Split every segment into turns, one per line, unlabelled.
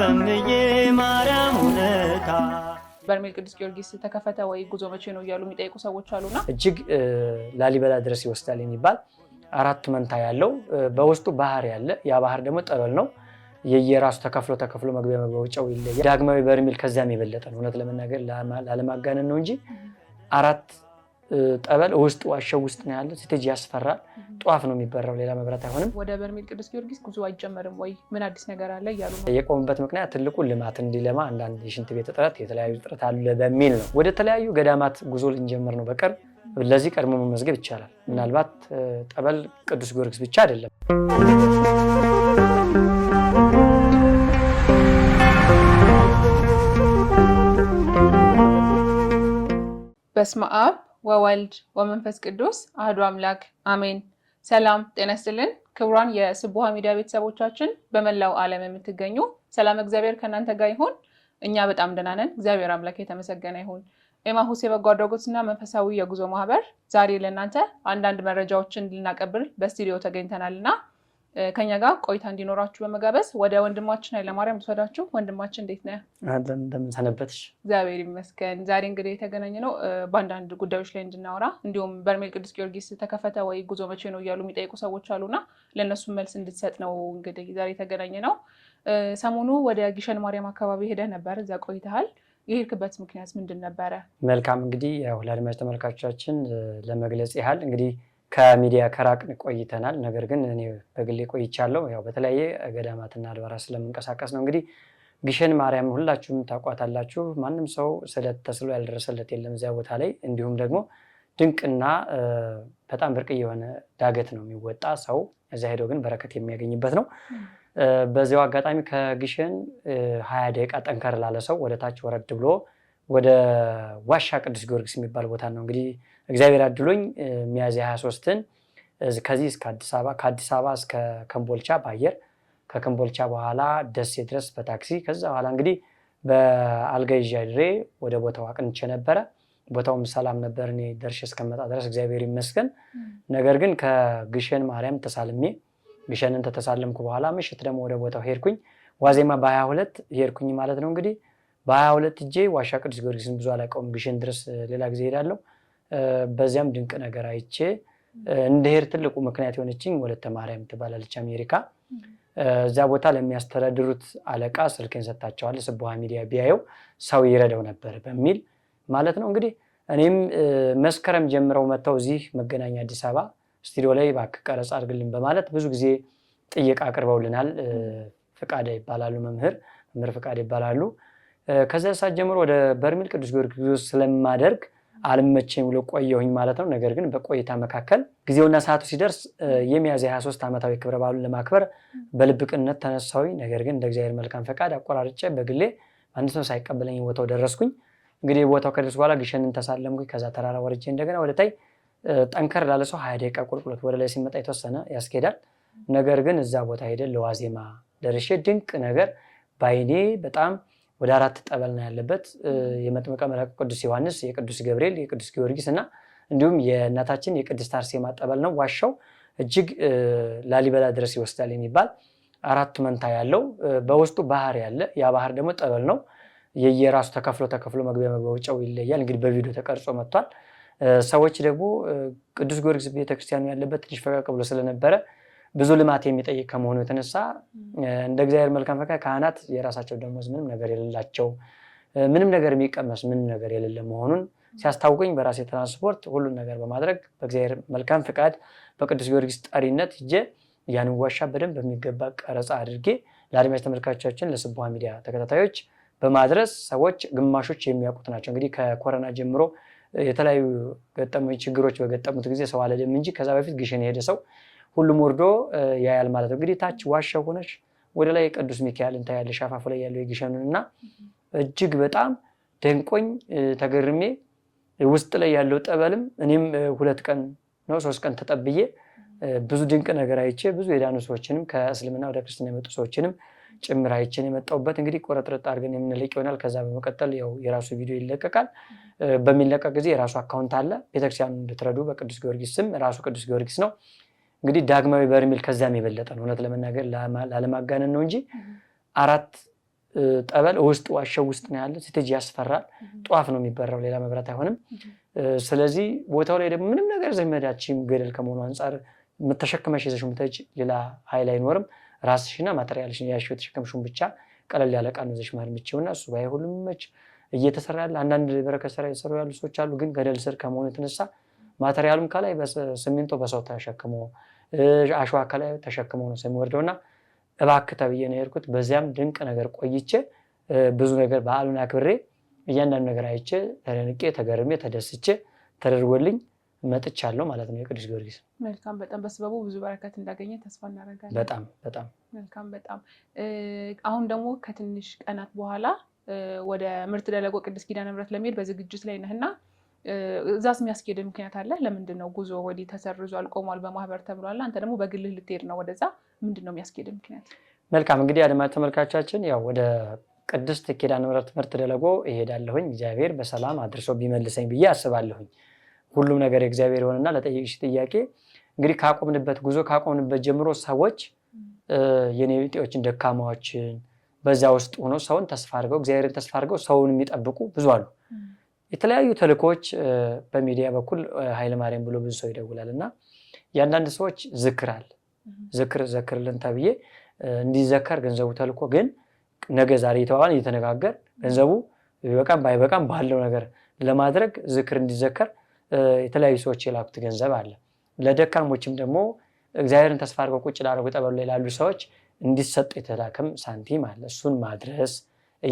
በምዬ ማርያም ውለታ በርሜል ቅዱስ ጊዮርጊስ ተከፈተ ወይ ጉዞ መቼ ነው እያሉ የሚጠይቁ ሰዎች አሉና
እጅግ ላሊበላ ድረስ ይወስዳል የሚባል አራት መንታ ያለው በውስጡ ባህር ያለ ያ ባህር ደግሞ ጠበል ነው። የየራሱ ተከፍሎ ተከፍሎ መግቢያ መግባውጫው ይለያል። ዳግማዊ በርሜል ከዚያም የበለጠ ነው። እውነት ለመናገር ላለማጋነን ነው እንጂ አራት ጠበል ውስጥ ዋሻው ውስጥ ነው ያለው። ስትሄጂ ያስፈራል። ጧፍ ነው የሚበራው፣ ሌላ መብራት አይሆንም።
ወደ በርሜል ቅዱስ ጊዮርጊስ ጉዞ አይጀመርም ወይ? ምን አዲስ ነገር አለ እያሉ
ነው የቆሙበት። ምክንያት ትልቁ ልማት እንዲለማ አንዳንድ የሽንት ቤት እጥረት፣ የተለያዩ እጥረት አለ በሚል ነው። ወደ ተለያዩ ገዳማት ጉዞ ልንጀምር ነው በቅርብ። ለዚህ ቀድሞ መመዝገብ ይቻላል። ምናልባት ጠበል ቅዱስ ጊዮርጊስ ብቻ አይደለም።
በስመ አብ ወወልድ ወመንፈስ ቅዱስ አህዱ አምላክ አሜን። ሰላም ጤና ይስጥልን። ክቡራን የስቡሀ ሚዲያ ቤተሰቦቻችን በመላው ዓለም የምትገኙ ሰላም እግዚአብሔር ከእናንተ ጋር ይሁን። እኛ በጣም ደህና ነን። እግዚአብሔር አምላክ የተመሰገነ ይሁን። ኤማሁስ የበጎ አድራጎትና መንፈሳዊ የጉዞ ማህበር ዛሬ ለእናንተ አንዳንድ መረጃዎችን ልናቀብል በስቱዲዮ ተገኝተናል እና ከኛ ጋር ቆይታ እንዲኖራችሁ በመጋበዝ ወደ ወንድማችን ኃይለማርያም ልውሰዳችሁ። ወንድማችን እንዴት ነህ?
እንደምን ሰነበትሽ?
እግዚአብሔር ይመስገን። ዛሬ እንግዲህ የተገናኘ ነው በአንዳንድ ጉዳዮች ላይ እንድናወራ እንዲሁም በርሜል ቅዱስ ጊዮርጊስ ተከፈተ ወይ ጉዞ መቼ ነው እያሉ የሚጠይቁ ሰዎች አሉና ለእነሱ መልስ እንድትሰጥ ነው እንግዲህ ዛሬ የተገናኘ ነው። ሰሞኑ ወደ ጊሸን ማርያም አካባቢ ሄደህ ነበር፣ እዛ ቆይተሃል። የሄድክበት ምክንያት ምንድን ነበረ?
መልካም እንግዲህ ያው ለአድማጭ ተመልካቾቻችን ለመግለጽ ያህል እንግዲህ ከሚዲያ ከራቅን ቆይተናል። ነገር ግን እኔ በግሌ ቆይቻለሁ። ያው በተለያየ ገዳማትና አድባራት ስለምንቀሳቀስ ነው። እንግዲህ ግሸን ማርያም ሁላችሁም ታቋታላችሁ ማንም ሰው ስለት ተስሎ ያልደረሰለት የለም እዚያ ቦታ ላይ። እንዲሁም ደግሞ ድንቅና በጣም ብርቅ የሆነ ዳገት ነው የሚወጣ ሰው እዚያ ሄዶ ግን በረከት የሚያገኝበት ነው። በዚያው አጋጣሚ ከግሸን ሀያ ደቂቃ ጠንከር ላለ ሰው ወደ ታች ወረድ ብሎ ወደ ዋሻ ቅዱስ ጊዮርጊስ የሚባል ቦታ ነው እንግዲህ እግዚአብሔር አድሎኝ ሚያዝያ 23ን ከዚህ እስከ አዲስ አበባ ከአዲስ አበባ እስከ ከምቦልቻ በአየር ከከምቦልቻ በኋላ ደሴ ድረስ በታክሲ ከዛ በኋላ እንግዲህ በአልጋ ይዤ ወደ ቦታው አቅንቼ ነበረ። ቦታውም ሰላም ነበር እኔ ደርሼ እስከመጣ ድረስ እግዚአብሔር ይመስገን። ነገር ግን ከግሸን ማርያም ተሳልሜ ግሸንን ተተሳለምኩ በኋላ ምሽት ደግሞ ወደ ቦታው ሄድኩኝ። ዋዜማ በሀያ ሁለት ሄድኩኝ ማለት ነው እንግዲህ በሀያ ሁለት እጄ ዋሻ ቅዱስ ጊዮርጊስን ብዙ አላውቀውም። ግሸን ድረስ ሌላ ጊዜ ሄዳለሁ። በዚያም ድንቅ ነገር አይቼ እንድሄድ ትልቁ ምክንያት የሆነችኝ ወለተ ማርያም ትባላለች አሜሪካ። እዚያ ቦታ ለሚያስተዳድሩት አለቃ ስልኬን ሰጥታቸዋል። ስቡሃ ሚዲያ ቢያየው ሰው ይረዳው ነበር በሚል ማለት ነው። እንግዲህ እኔም መስከረም ጀምረው መጥተው እዚህ መገናኛ አዲስ አበባ ስቱዲዮ ላይ እባክህ ቀረጻ አድርግልን በማለት ብዙ ጊዜ ጥየቃ አቅርበውልናል። ፍቃደ ይባላሉ መምህር መምህር ፍቃደ ይባላሉ። ከዚያ ሰዓት ጀምሮ ወደ በርሜል ቅዱስ ጊዮርጊስ ስለማደርግ አልመቼም ብሎ ቆየሁኝ ማለት ነው። ነገር ግን በቆይታ መካከል ጊዜውና ሰዓቱ ሲደርስ የሚያዝያ 23 ዓመታዊ ክብረ በዓሉን ለማክበር በልብቅነት ቅንነት ተነሳሁኝ። ነገር ግን እንደ እግዚአብሔር መልካም ፈቃድ አቆራርጬ በግሌ አንድ ሰው ሳይቀበለኝ ቦታው ደረስኩኝ። እንግዲህ ቦታው ከደረስኩ በኋላ ግሸንን ተሳለምኩኝ። ከዛ ተራራ ወርጄ እንደገና ወደ ታይ ጠንከር ላለ ሰው ሀያ ደቂቃ ቁልቁሎት ወደ ላይ ሲመጣ የተወሰነ ያስኬዳል። ነገር ግን እዛ ቦታ ሄደን ለዋዜማ ደርሼ ድንቅ ነገር በአይኔ በጣም ወደ አራት ጠበል ነው ያለበት። የመጥምቀ መላክ ቅዱስ ዮሐንስ፣ የቅዱስ ገብርኤል፣ የቅዱስ ጊዮርጊስ እና እንዲሁም የእናታችን የቅድስት አርሴማ ጠበል ነው። ዋሻው እጅግ ላሊበላ ድረስ ይወስዳል የሚባል አራት መንታ ያለው በውስጡ ባህር ያለ ያ ባህር ደግሞ ጠበል ነው። የየራሱ ተከፍሎ ተከፍሎ መግቢያ መግባውጫው ይለያል። እንግዲህ በቪዲዮ ተቀርጾ መጥቷል። ሰዎች ደግሞ ቅዱስ ጊዮርጊስ ቤተክርስቲያኑ ያለበት ትንሽ ፈቀቅ ብሎ ስለነበረ ብዙ ልማት የሚጠይቅ ከመሆኑ የተነሳ እንደ እግዚአብሔር መልካም ፈቃድ ካህናት የራሳቸው ደሞዝ ምንም ነገር የሌላቸው ምንም ነገር የሚቀመስ ምንም ነገር የሌለ መሆኑን ሲያስታውቁኝ በራሴ ትራንስፖርት ሁሉን ነገር በማድረግ በእግዚአብሔር መልካም ፍቃድ በቅዱስ ጊዮርጊስ ጠሪነት እጄ ያንን ዋሻ በደንብ በሚገባ ቀረጻ አድርጌ ለአድማጭ ተመልካቾቻችን ለስቡሀ ሚዲያ ተከታታዮች በማድረስ ሰዎች ግማሾች የሚያውቁት ናቸው። እንግዲህ ከኮረና ጀምሮ የተለያዩ ገጠመ ችግሮች በገጠሙት ጊዜ ሰው አለደም እንጂ ከዛ በፊት ግሽን የሄደ ሰው ሁሉም ወርዶ ያያል ማለት ነው። እንግዲህ ታች ዋሻ ሆነች ወደ ላይ ቅዱስ ሚካኤል ታያለሽ፣ አፋፉ ላይ ያለው የግሸኑን እና እጅግ በጣም ደንቆኝ ተገርሜ ውስጥ ላይ ያለው ጠበልም እኔም ሁለት ቀን ነው ሶስት ቀን ተጠብዬ ብዙ ድንቅ ነገር አይቼ ብዙ የዳኑ ሰዎችንም ከእስልምና ወደ ክርስትና የመጡ ሰዎችንም ጭምር አይቼን የመጣሁበት እንግዲህ ቆረጥረጥ አድርገን የምንለቅ ይሆናል። ከዛ በመቀጠል ያው የራሱ ቪዲዮ ይለቀቃል። በሚለቀቅ ጊዜ የራሱ አካውንት አለ። ቤተክርስቲያኑ እንድትረዱ በቅዱስ ጊዮርጊስ ስም ራሱ ቅዱስ ጊዮርጊስ ነው እንግዲህ ዳግማዊ በርሜል ከዚያም የበለጠ ነው። እውነት ለመናገር ላለማጋነን ነው እንጂ አራት ጠበል ውስጥ ዋሻው ውስጥ ነው ያለ። ስትሄጂ ያስፈራል። ጧፍ ነው የሚበራው፣ ሌላ መብራት አይሆንም። ስለዚህ ቦታው ላይ ደግሞ ምንም ነገር ዘመዳችም ገደል ከመሆኑ አንጻር የምተሸክመሽ ይዘሽ ምትሄጂ ሌላ ኃይል አይኖርም። ራስሽና ማተሪያልሽ ያሽ የተሸከምሽውን ብቻ ቀለል ያለ ዕቃ ነው ይዘሽ መሄድ የምትችይው እና እሱ ባይሆንም መች እየተሰራ ያለ አንዳንድ በረከት ስራ የሰሩ ያሉ ሰዎች አሉ። ግን ገደል ስር ከመሆኑ የተነሳ ማቴሪያሉም ከላይ ሲሚንቶ በሰው ተሸክሞ አሸዋ ከላይ ተሸክሞ ነው የሚወርደው እና እባክ ተብዬ ነው የሄድኩት። በዚያም ድንቅ ነገር ቆይቼ ብዙ ነገር በዓሉን አክብሬ እያንዳንዱ ነገር አይቼ ተደንቄ ተገርሜ ተደስቼ ተደርጎልኝ መጥቻለሁ ማለት ነው። የቅዱስ ጊዮርጊስ
መልካም በጣም በስበቡ ብዙ በረከት እንዳገኘ ተስፋ እናደርጋለን።
በጣም በጣም
መልካም በጣም አሁን ደግሞ ከትንሽ ቀናት በኋላ ወደ ምርት ደለጎ ቅድስት ኪዳነ ምሕረት ለመሄድ በዝግጅት ላይ ነህና እዛስ የሚያስኬድ ምክንያት አለ? ለምንድን ነው ጉዞ ወዲህ ተሰርዟል፣ ቆሟል፣ በማህበር ተብሏል? አንተ ደግሞ በግልህ ልትሄድ ነው ወደዛ። ምንድን ነው የሚያስኬድ ምክንያት?
መልካም እንግዲህ አድማጭ ተመልካቻችን ያው ወደ ቅድስት ኪዳነ ምሕረት ትምህርት ደለጎ እሄዳለሁኝ እግዚአብሔር በሰላም አድርሶ ቢመልሰኝ ብዬ አስባለሁኝ። ሁሉም ነገር እግዚአብሔር የሆነና ለጠየቅሽ ጥያቄ እንግዲህ ካቆምንበት ጉዞ ካቆምንበት ጀምሮ ሰዎች የኔጤዎችን ደካማዎችን በዛ ውስጥ ሆኖ ሰውን ተስፋ አድርገው እግዚአብሔርን ተስፋ አድርገው ሰውን የሚጠብቁ ብዙ አሉ። የተለያዩ ተልኮች በሚዲያ በኩል ኃይለማርያም ብሎ ብዙ ሰው ይደውላል እና የአንዳንድ ሰዎች ዝክራል ዝክር ዘክርልን ተብዬ እንዲዘከር ገንዘቡ ተልኮ ግን ነገ ዛሬ የተባባን እየተነጋገር ገንዘቡ በቃም ባይበቃም ባለው ነገር ለማድረግ ዝክር እንዲዘከር የተለያዩ ሰዎች የላኩት ገንዘብ አለ። ለደካሞችም ደግሞ እግዚአብሔርን ተስፋ አድርገው ቁጭ ላደረጉ ጠበሉ ላይ ላሉ ሰዎች እንዲሰጥ የተላከም ሳንቲም አለ። እሱን ማድረስ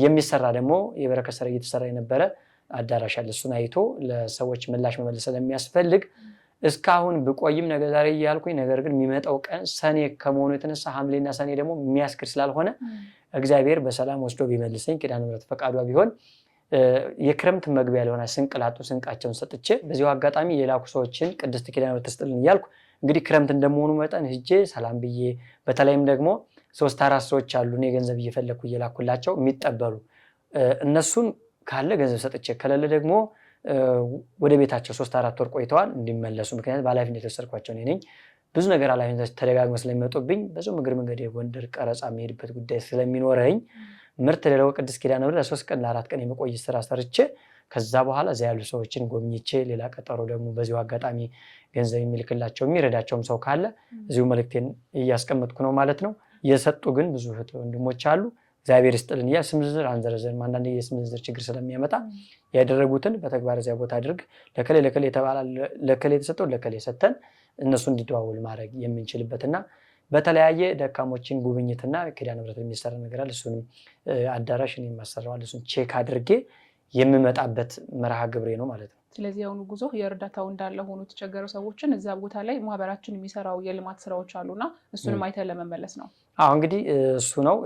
የሚሰራ ደግሞ የበረከት ስራ እየተሰራ የነበረ አዳራሽ አለ። እሱን አይቶ ለሰዎች ምላሽ መመለስ ስለሚያስፈልግ እስካሁን ብቆይም ነገ ዛሬ እያልኩኝ፣ ነገር ግን የሚመጣው ቀን ሰኔ ከመሆኑ የተነሳ ሐምሌና ሰኔ ደግሞ የሚያስክር ስላልሆነ እግዚአብሔር በሰላም ወስዶ ቢመልሰኝ ኪዳነ ምሕረት ፈቃዷ ቢሆን የክረምት መግቢያ ለሆነ ስንቅ ላጡ ስንቃቸውን ሰጥቼ በዚሁ አጋጣሚ የላኩ ሰዎችን ቅድስት ኪዳነ ምሕረት ትስጥልን እያልኩ እንግዲህ ክረምት እንደመሆኑ መጠን ህጄ ሰላም ብዬ በተለይም ደግሞ ሶስት አራት ሰዎች አሉ እኔ ገንዘብ እየፈለግኩ እየላኩላቸው የሚጠበሉ እነሱን ካለ ገንዘብ ሰጥቼ ከሌለ ደግሞ ወደ ቤታቸው ሶስት አራት ወር ቆይተዋል እንዲመለሱ። ምክንያት በኃላፊነት የወሰድኳቸው እኔ ነኝ። ብዙ ነገር ኃላፊነት ተደጋግመ ስለሚመጡብኝ በዚ እግር መንገድ የጎንደር ቀረጻ የሚሄድበት ጉዳይ ስለሚኖረኝ ምርት ሌላው ቅድስት ኪዳነ ምሕረት ለሶስት ቀን ለአራት ቀን የመቆይ ስራ ሰርቼ ከዛ በኋላ እዚያ ያሉ ሰዎችን ጎብኝቼ ሌላ ቀጠሮ ደግሞ በዚሁ አጋጣሚ ገንዘብ የሚልክላቸው የሚረዳቸውም ሰው ካለ እዚሁ መልእክቴን እያስቀመጥኩ ነው ማለት ነው። የሰጡ ግን ብዙ እህት ወንድሞች አሉ። እግዚአብሔር ይስጥልን እያል ስም ዝርዝር አንዘረዘርም። አንዳንድ የስም ዝርዝር ችግር ስለሚያመጣ ያደረጉትን በተግባር እዚያ ቦታ አድርግ ለከሌ ለከሌ የተባላ ለከሌ የተሰጠው ለከሌ ሰተን እነሱ እንዲደዋውል ማድረግ የምንችልበትና በተለያየ ደካሞችን ጉብኝትና ኪዳነ ምሕረት የሚሰራ ነገር አለ። እሱንም አዳራሽ እኔ የማሰራዋል እሱን ቼክ አድርጌ የምመጣበት መርሃ ግብሬ ነው ማለት ነው።
ስለዚህ አሁኑ ጉዞ የእርዳታው እንዳለ ሆኖ የተቸገረው ሰዎችን እዛ ቦታ ላይ ማህበራችን የሚሰራው የልማት ስራዎች አሉና እሱንም አይተን ለመመለስ ነው።
አሁ እንግዲህ እሱ ነው።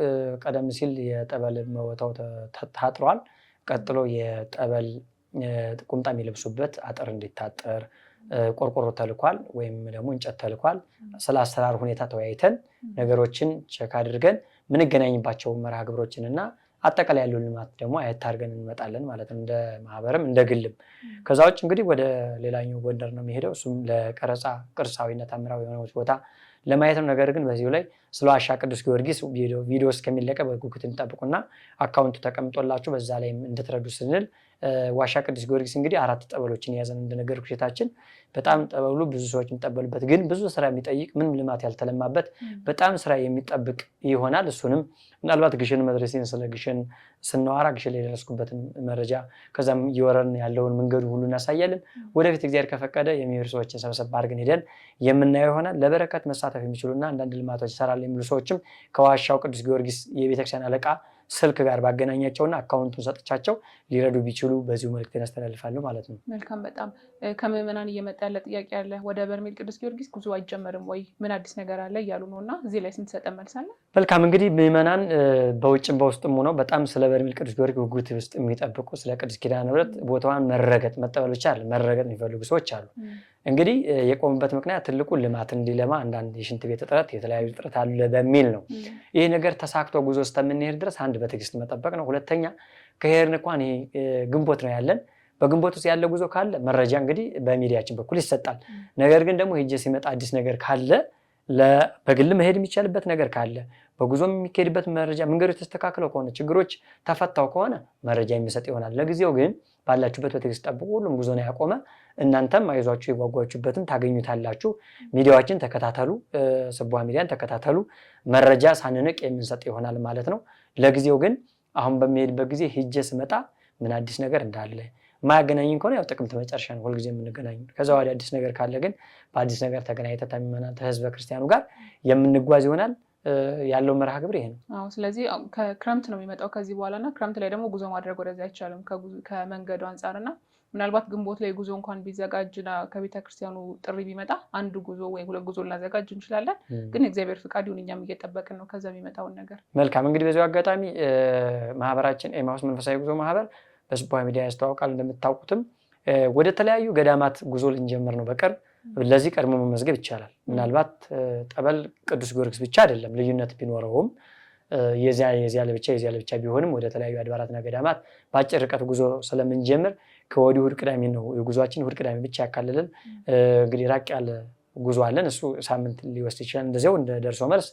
ቀደም ሲል የጠበል መወታው ታጥሯል። ቀጥሎ የጠበል ቁምጣ የሚለብሱበት አጥር እንዲታጠር ቆርቆሮ ተልኳል፣ ወይም ደግሞ እንጨት ተልኳል። ስለ አሰራር ሁኔታ ተወያይተን ነገሮችን ቸክ አድርገን ምንገናኝባቸው መርሃ ግብሮችን እና አጠቃላይ ያሉ ልማት ደግሞ አየት አድርገን እንመጣለን ማለት ነው፣ እንደ ማህበርም እንደ ግልም። ከዛ ውጭ እንግዲህ ወደ ሌላኛው ጎንደር ነው የሚሄደው። እሱም ለቀረፃ ቅርሳዊነት አምራዊ የሆነች ቦታ ለማየት ነው። ነገር ግን በዚሁ ላይ ስለ ዋሻ ቅዱስ ጊዮርጊስ ቪዲዮ እስከሚለቀቅ በጉጉት እንጠብቁና አካውንቱ ተቀምጦላችሁ በዛ ላይ እንድትረዱ ስንል ዋሻ ቅዱስ ጊዮርጊስ እንግዲህ አራት ጠበሎችን የያዘን እንደነገር ኩሽታችን በጣም ጠበሉ ብዙ ሰዎች የሚጠበሉበት ግን ብዙ ስራ የሚጠይቅ ምንም ልማት ያልተለማበት በጣም ስራ የሚጠብቅ ይሆናል። እሱንም ምናልባት ግሽን መድረሴን ስለ ግሽን ስናዋራ ግሽን ላይ የደረስኩበትን መረጃ ከዛም እየወረን ያለውን መንገዱ ሁሉ እናሳያለን። ወደፊት እግዚአብሔር ከፈቀደ የሚሄዱ ሰዎችን ሰብሰብ አድርገን ሄደን የምናየው ይሆናል። ለበረከት መሳተፍ የሚችሉና አንዳንድ ልማቶች ይሰራል የሚሉ ሰዎችም ከዋሻው ቅዱስ ጊዮርጊስ የቤተክርስቲያን አለቃ ስልክ ጋር ባገናኛቸውና አካውንቱን ሰጥቻቸው ሊረዱ ቢችሉ በዚሁ መልዕክቴን አስተላልፋለሁ ማለት ነው።
መልካም። በጣም ከምዕመናን እየመጣ ያለ ጥያቄ አለ። ወደ በርሜል ቅዱስ ጊዮርጊስ ጉዞ አይጀመርም ወይ? ምን አዲስ ነገር አለ እያሉ ነው እና እዚህ ላይ ስንትሰጠ መልሳለ።
መልካም። እንግዲህ ምዕመናን በውጭም በውስጥም ሆነው በጣም ስለ በርሜል ቅዱስ ጊዮርጊስ ጉጉት ውስጥ የሚጠብቁ ስለ ቅዱስ ኪዳነ ምሕረት ቦታዋን መረገጥ መጠበል ብቻ አለ መረገጥ የሚፈልጉ ሰዎች አሉ። እንግዲህ የቆምበት ምክንያት ትልቁ ልማት እንዲለማ አንዳንድ የሽንት ቤት እጥረት፣ የተለያዩ እጥረት አለ በሚል ነው። ይህ ነገር ተሳክቶ ጉዞ እስከምንሄድ ድረስ አንድ በትዕግስት መጠበቅ ነው። ሁለተኛ ከሄድን እንኳን ይሄ ግንቦት ነው ያለን በግንቦት ውስጥ ያለ ጉዞ ካለ መረጃ እንግዲህ በሚዲያችን በኩል ይሰጣል። ነገር ግን ደግሞ ሄጄ ሲመጣ አዲስ ነገር ካለ በግል መሄድ የሚቻልበት ነገር ካለ በጉዞ የሚካሄድበት መረጃ መንገዶች ተስተካክለው ከሆነ ችግሮች ተፈታው ከሆነ መረጃ የሚሰጥ ይሆናል። ለጊዜው ግን ባላችሁበት በትዕግስት ጠብቁ። ሁሉም ጉዞ ነው ያቆመ እናንተም አይዟችሁ የጓጓችሁበትን ታገኙታላችሁ። ሚዲያዎችን ተከታተሉ፣ ስቧ ሚዲያን ተከታተሉ። መረጃ ሳንንቅ የምንሰጥ ይሆናል ማለት ነው። ለጊዜው ግን አሁን በሚሄድበት ጊዜ ሂጄ ስመጣ ምን አዲስ ነገር እንዳለ ማያገናኝን ከሆነ ያው ጥቅምት መጨረሻ ነው ሁልጊዜ የምንገናኙ። ከዛ ወዲያ አዲስ ነገር ካለ ግን በአዲስ ነገር ተገናኝተ ከምእመናን ከህዝበ ክርስቲያኑ ጋር የምንጓዝ ይሆናል። ያለው መርሃ ግብር ይሄ
ነው። ስለዚህ ክረምት ነው የሚመጣው ከዚህ በኋላ እና ክረምት ላይ ደግሞ ጉዞ ማድረግ ወደዚ አይቻልም ከመንገዱ አንጻር እና ምናልባት ግንቦት ላይ ጉዞ እንኳን ቢዘጋጅ ከቤተ ክርስቲያኑ ጥሪ ቢመጣ አንድ ጉዞ ወይ ሁለት ጉዞ ልናዘጋጅ እንችላለን። ግን እግዚአብሔር ፍቃድ ይሁን፣ እኛም እየጠበቅን ነው ከዛ የሚመጣውን ነገር።
መልካም እንግዲህ በዚ አጋጣሚ ማህበራችን ኤማሁስ መንፈሳዊ ጉዞ ማህበር በስቡሀ ሚዲያ ያስተዋውቃል። እንደምታውቁትም ወደ ተለያዩ ገዳማት ጉዞ ልንጀምር ነው በቅርብ ለዚህ ቀድሞ መመዝገብ ይቻላል። ምናልባት ጠበል ቅዱስ ጊዮርጊስ ብቻ አይደለም ልዩነት ቢኖረውም የዚያ የዚያ ለብቻ የዚያ ለብቻ ቢሆንም ወደ ተለያዩ አድባራትና ገዳማት በአጭር ርቀት ጉዞ ስለምንጀምር ከወዲሁ እሑድ ቅዳሜ ነው የጉዞችን። እሑድ ቅዳሜ ብቻ ያካልልን። እንግዲህ ራቅ ያለ ጉዞ አለን። እሱ ሳምንት ሊወስድ ይችላል። እንደዚያው እንደ ደርሶ መልስ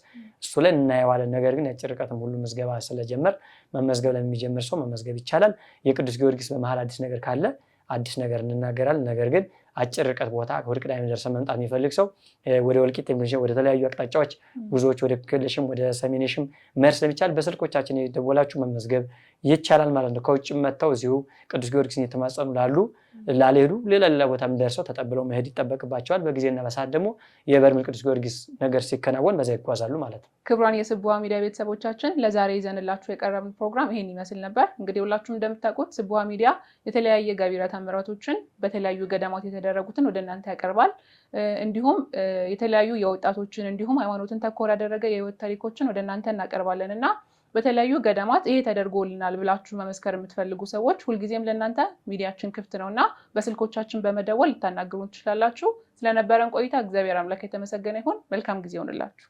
እሱ ላይ እናየዋለን። ነገር ግን ያጭር ርቀትም ሁሉ ምዝገባ ስለጀመር መመዝገብ ለሚጀምር ሰው መመዝገብ ይቻላል። የቅዱስ ጊዮርጊስ በመሀል አዲስ ነገር ካለ አዲስ ነገር እንናገራለን። ነገር ግን አጭር ርቀት ቦታ ወደ ቅዳሜ ደርሰ መምጣት የሚፈልግ ሰው ወደ ወልቂጤ ወደ ተለያዩ አቅጣጫዎች ጉዞዎች ወደ ክልሽም ወደ ሰሜንሽም መሄድ ስለሚቻል በስልኮቻችን የደወላችሁ መመዝገብ ይቻላል ማለት ነው። ከውጭ መጥተው እዚሁ ቅዱስ ጊዮርጊስን እየተማጸኑ ላሉ ላልሄዱ ሌላ ሌላ ቦታም ደርሰው ተጠብለው መሄድ ይጠበቅባቸዋል። በጊዜና በሰዓት ደግሞ የበርሜል ቅዱስ ጊዮርጊስ ነገር ሲከናወን በዛ ይጓዛሉ ማለት ነው።
ክቡራን የስቡሀ ሚዲያ ቤተሰቦቻችን ለዛሬ ይዘንላችሁ የቀረብን ፕሮግራም ይሄን ይመስል ነበር። እንግዲህ ሁላችሁም እንደምታውቁት ስቡሀ ሚዲያ የተለያየ ገቢረ ተአምራቶችን በተለያዩ ገዳማት የተደረጉትን ወደ እናንተ ያቀርባል። እንዲሁም የተለያዩ የወጣቶችን እንዲሁም ሃይማኖትን ተኮር ያደረገ የህይወት ታሪኮችን ወደ እናንተ እናቀርባለን እና በተለያዩ ገዳማት ይሄ ተደርጎልናል ብላችሁ መመስከር የምትፈልጉ ሰዎች ሁልጊዜም ለእናንተ ሚዲያችን ክፍት ነው እና በስልኮቻችን በመደወል ልታናግሩን ትችላላችሁ። ስለነበረን ቆይታ እግዚአብሔር አምላክ የተመሰገነ ይሁን። መልካም ጊዜ ይሆንላችሁ።